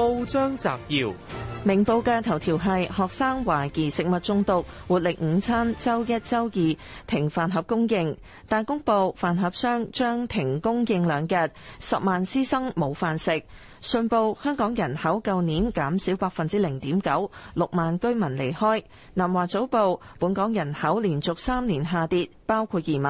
報章摘要：明報嘅頭條係學生懷疑食物中毒，活力午餐周一、周二停飯盒供應。大公報，飯盒商將停供應兩日，十萬師生冇飯食。信報，香港人口舊年減少百分之零點九，六萬居民離開。南華早報本港人口連續三年下跌，包括移民。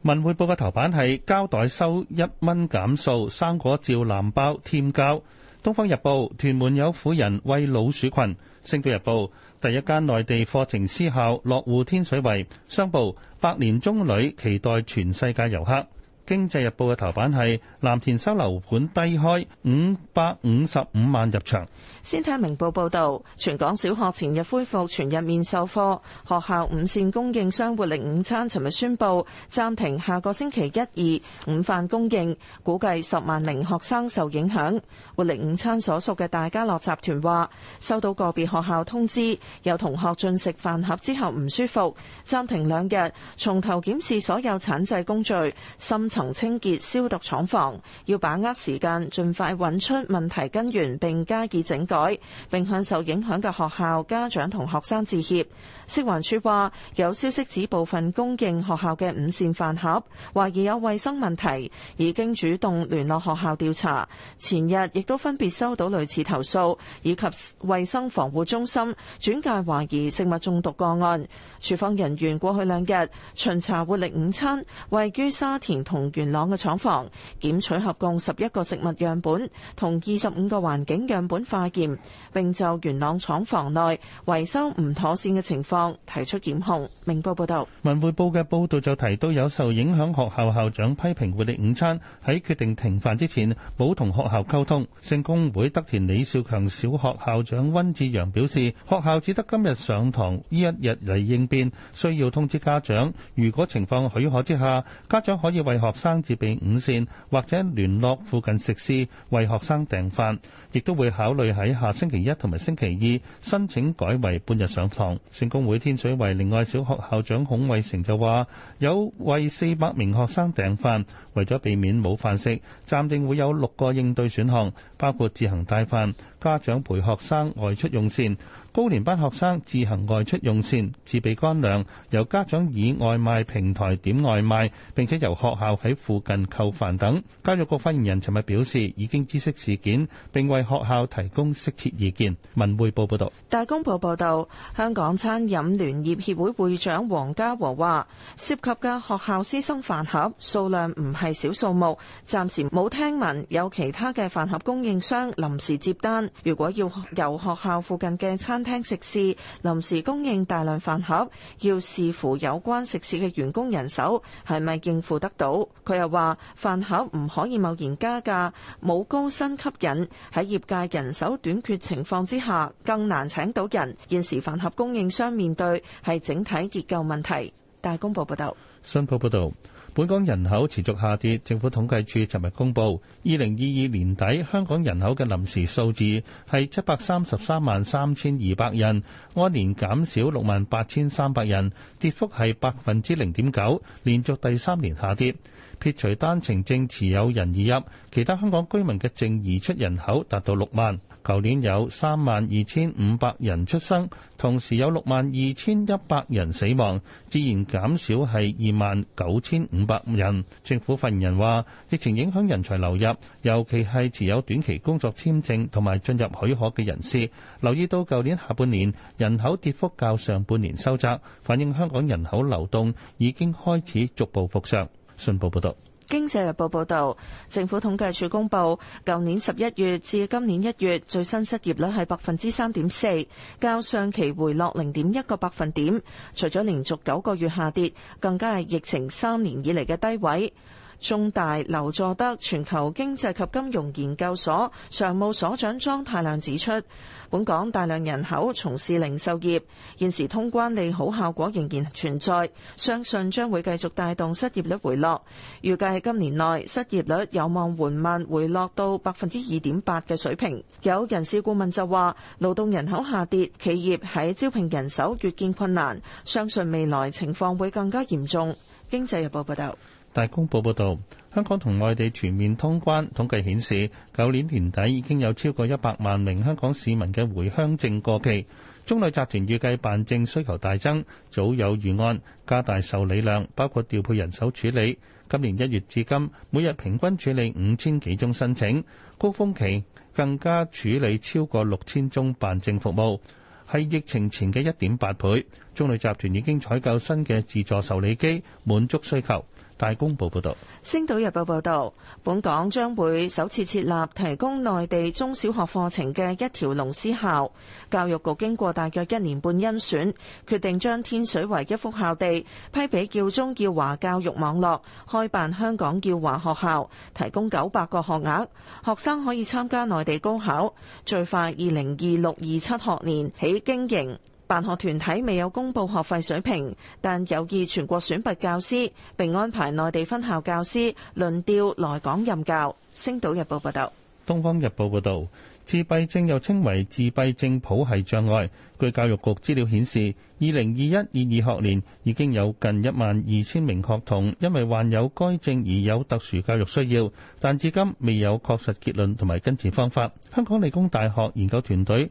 文匯報嘅頭版係膠袋收一蚊減數，生果照藍包添膠。《東方日報》屯門有婦人餵老鼠群，《星島日報》第一間內地課程私校落戶天水圍，《商報》百年中旅期待全世界遊客。《經濟日報》嘅頭版係藍田收樓盤低開五百五十五萬入場。先睇明報報道，全港小學前日恢復全日面授課，學校午膳供應商活力午餐，尋日宣布暫停下個星期一二午飯供應，估計十萬名學生受影響。活力午餐所屬嘅大家樂集團話，收到個別學校通知，有同學進食飯盒之後唔舒服，暫停兩日，從頭檢視所有產製工序，甚至層清潔消毒廠房，要把握時間，盡快揾出問題根源並加以整改，並向受影響嘅學校家長同學生致歉。食環署話：有消息指部分供應學校嘅午膳飯盒懷疑有衛生問題，已經主動聯絡學校調查。前日亦都分別收到類似投訴，以及衛生防護中心轉介懷疑食物中毒個案。廚房人員過去兩日巡查活力午餐，位於沙田同元朗嘅廠房檢取合共十一個食物樣本，同二十五個環境樣本化驗，並就元朗廠房內維修唔妥善嘅情況提出檢控。明報報道，文匯報嘅報道就提到有受影響學校校，校長批評活力午餐喺決定停飯之前冇同學校溝通。聖公會德田李兆強小學校，校長溫志陽表示，學校只得今日上堂呢一日嚟應變，需要通知家長。如果情況許可之下，家長可以為學。學生自備午膳，或者聯絡附近食肆為學生訂飯，亦都會考慮喺下星期一同埋星期二申請改為半日上堂。聖公會天水圍另外小學校長孔衛成就話，有為四百名學生訂飯，為咗避免冇飯食，暫定會有六個應對選項，包括自行帶飯。家長陪學生外出用膳，高年班學生自行外出用膳，自備乾糧，由家長以外賣平台點外賣，並且由學校喺附近購飯等。教育局發言人尋日表示，已經知悉事件，並為學校提供適切意見。文匯報報道：「大公報報道，香港餐飲聯業協會會長黃家和話，涉及嘅學校師生飯盒數量唔係小數目，暫時冇聽聞有其他嘅飯盒供應商臨時接單。如果要由學校附近嘅餐廳食肆臨時供應大量飯盒，要視乎有關食肆嘅員工人手係咪應付得到。佢又話飯盒唔可以貿然加價，冇高薪吸引喺業界人手短缺情況之下，更難請到人。現時飯盒供應商面對係整體結構問題。大公報報道。新報報道。本港人口持續下跌，政府統計處尋日公布，二零二二年底香港人口嘅臨時數字係七百三十三萬三千二百人，按年減少六萬八千三百人，跌幅係百分之零點九，連續第三年下跌。撇除單程證持有人移入，其他香港居民嘅淨移出人口達到六萬。舊年有三萬二千五百人出生，同時有六萬二千一百人死亡，自然減少係二萬九千五百五人。政府發言人話：疫情影響人才流入，尤其係持有短期工作簽證同埋進入許可嘅人士。留意到舊年下半年人口跌幅較上半年收窄，反映香港人口流動已經開始逐步復常。信報報道。經濟日報報道，政府統計處公布，舊年十一月至今年一月最新失業率係百分之三點四，較上期回落零點一個百分點，除咗連續九個月下跌，更加係疫情三年以嚟嘅低位。中大劉佐德全球經濟及金融研究所常務所長莊太量指出，本港大量人口從事零售業，現時通關利好效果仍然存在，相信將會繼續帶動失業率回落。預計今年內失業率有望緩慢回落到百分之二點八嘅水平。有人事顧問就話，勞動人口下跌，企業喺招聘人手越見困難，相信未來情況會更加嚴重。經濟日報報道。大公報報導，香港同外地全面通關，統計顯示，舊年年底已經有超過一百萬名香港市民嘅回鄉證過期。中旅集團預計辦證需求大增，早有預案加大受理量，包括調配人手處理。今年一月至今，每日平均處理五千幾宗申請，高峰期更加處理超過六千宗辦證服務，係疫情前嘅一點八倍。中旅集團已經採購新嘅自助受理機，滿足需求。大公報報導，《星島日報》報導，本港將會首次設立提供內地中小學課程嘅一條龍私校。教育局經過大約一年半甄選，決定將天水圍一幅校地批俾叫中叫華教育網絡開辦香港叫華學校，提供九百個學額，學生可以參加內地高考，最快2026、27學年起經營。辦學團體未有公布學費水平，但有意全國選拔教師，並安排內地分校教師輪調來港任教。星島日報報道，東方日報報道，自閉症又稱為自閉症譜系障礙。據教育局資料顯示，二零二一二二學年已經有近一萬二千名學童因為患有該症而有特殊教育需要，但至今未有確實結論同埋根治方法。香港理工大學研究團隊。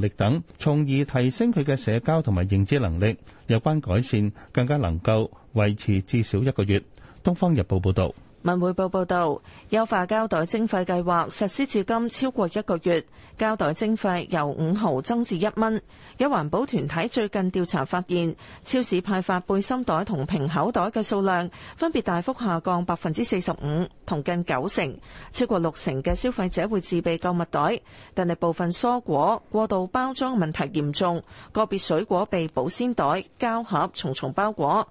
力等，從而提升佢嘅社交同埋認知能力。有關改善，更加能夠維持至少一個月。《東方日報》報道。文匯報報道，優化膠袋徵費計劃實施至今超過一個月，膠袋徵費由五毫增至一蚊。有環保團體最近調查發現，超市派發背心袋同平口袋嘅數量分別大幅下降百分之四十五同近九成，超過六成嘅消費者會自備購物袋，但係部分蔬果過度包裝問題嚴重，個別水果被保鮮袋、膠盒重重包裹。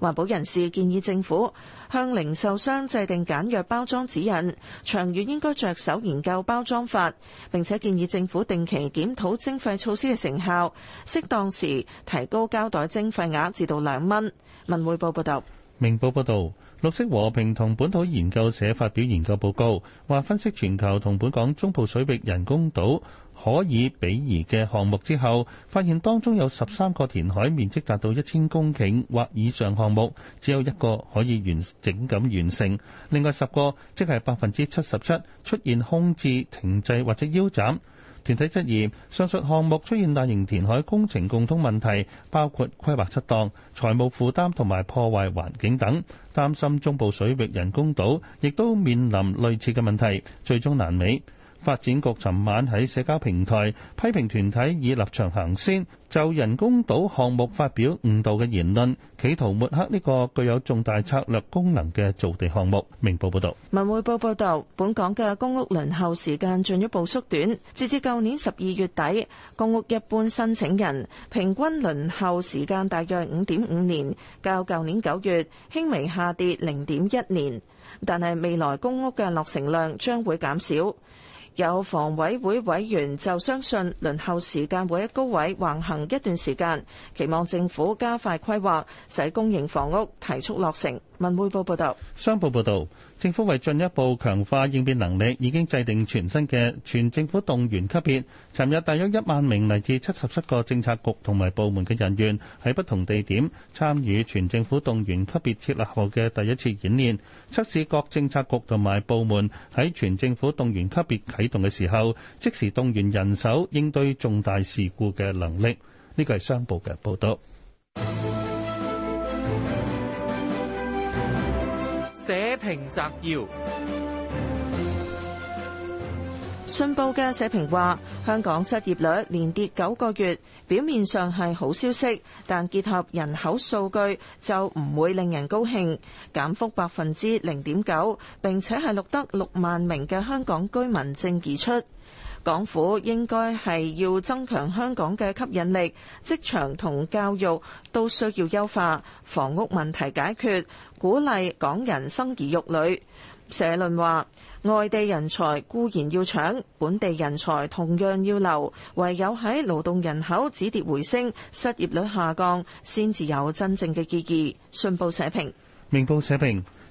環保人士建議政府向零售商制定簡約包裝指引，長遠應該着手研究包裝法。並且建議政府定期檢討徵費措施嘅成效，適當時提高膠袋徵費額至到兩蚊。文匯報報道。明報報道，綠色和平同本土研究社發表研究報告，話分析全球同本港中部水域人工島。可以比擬嘅項目之後，發現當中有十三個填海面積達到一千公頃或以上項目，只有一個可以完整咁完成，另外十個即係百分之七十七出現空置、停滯或者腰斬。團體質疑，上述項目出現大型填海工程共通問題，包括規劃失當、財務負擔同埋破壞環境等，擔心中部水域人工島亦都面臨類似嘅問題，最終爛尾。發展局尋晚喺社交平台批評團體以立場行先，就人工島項目發表誤導嘅言論，企圖抹黑呢個具有重大策略功能嘅造地項目。明報報道。文匯報報道，本港嘅公屋輪候時間進一步縮短。截至舊年十二月底，公屋一般申請人平均輪候時間大約五點五年，較舊年九月輕微下跌零點一年。但係未來公屋嘅落成量將會減少。有房委會委員就相信，輪候時間會喺高位橫行一段時間，期望政府加快規劃，使公營房屋提速落成。文匯報報道。商報報道。政府為進一步強化應變能力，已經制定全新嘅全政府動員級別，尋日大約一萬名嚟自七十七個政策局同埋部門嘅人員喺不同地點參與全政府動員級別設立後嘅第一次演練，測試各政策局同埋部門喺全政府動員級別啟動嘅時候，即時動員人手應對重大事故嘅能力。呢個係商報嘅報道。社評摘要：信報嘅社評話，香港失業率連跌九個月，表面上係好消息，但結合人口數據就唔會令人高興。減幅百分之零點九，並且係錄得六萬名嘅香港居民淨移出。港府應該係要增強香港嘅吸引力，職場同教育都需要優化，房屋問題解決，鼓勵港人生兒育女。社論話：外地人才固然要搶，本地人才同樣要留，唯有喺勞動人口止跌回升、失業率下降，先至有真正嘅意義。信報社評。明報社評。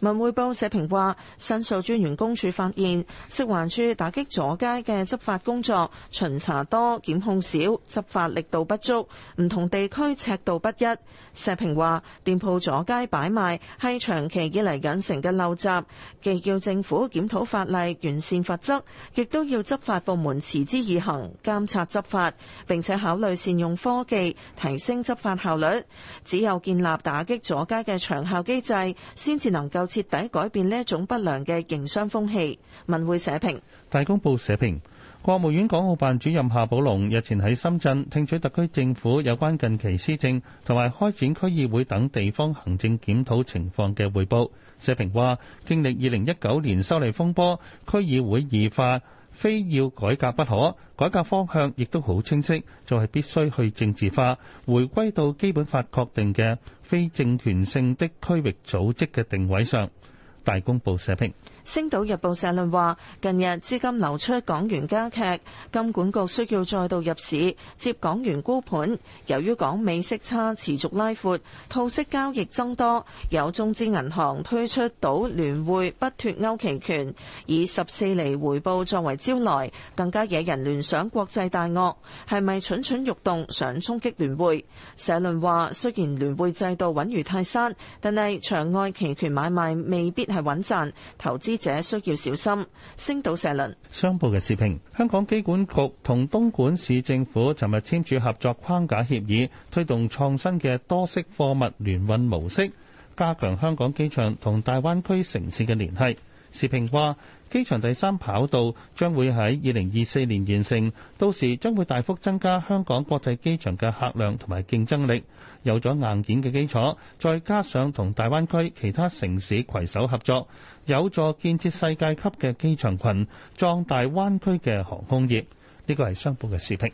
文匯報社評話，申訴專員公署發現，食環署打擊阻街嘅執法工作，巡查多檢控少，執法力度不足，唔同地區尺度不一。社評話，店鋪阻街擺賣係長期以嚟養成嘅陋習，既叫政府檢討法例完善法則，亦都要執法部門持之以恆監察執法，並且考慮善用科技提升執法效率。只有建立打擊阻街嘅長效機制，先至能夠徹底改變呢一種不良嘅營商風氣。文匯社評，大公報社評，國務院港澳辦主任夏寶龍日前喺深圳聽取特區政府有關近期施政同埋開展區議會等地方行政檢討情況嘅匯報。社評話，經歷二零一九年修例風波，區議會異化。非要改革不可，改革方向亦都好清晰，就係、是、必須去政治化，回歸到基本法確定嘅非政權性的區域組織嘅定位上。大公報社評。星島日報社論話：近日資金流出港元加劇，金管局需要再度入市接港元沽盤。由於港美息差持續拉闊，套息交易增多，有中資銀行推出賭聯匯不脫歐期權，以十四厘回報作為招來。更加惹人聯想國際大鱷係咪蠢蠢欲動想衝擊聯匯？社論話：雖然聯匯制度穩如泰山，但係場外期權買賣未必係穩賺投資。者需要小心，星島社論。商報嘅視頻，香港機管局同東莞市政府尋日簽署合作框架協議，推動創新嘅多式貨物聯運模式，加強香港機場同大灣區城市嘅聯繫。時評話，機場第三跑道將會喺二零二四年完成，到時將會大幅增加香港國際機場嘅客量同埋競爭力。有咗硬件嘅基礎，再加上同大灣區其他城市攜手合作，有助建設世界級嘅機場群，壯大灣區嘅航空業。呢個係商報嘅時評。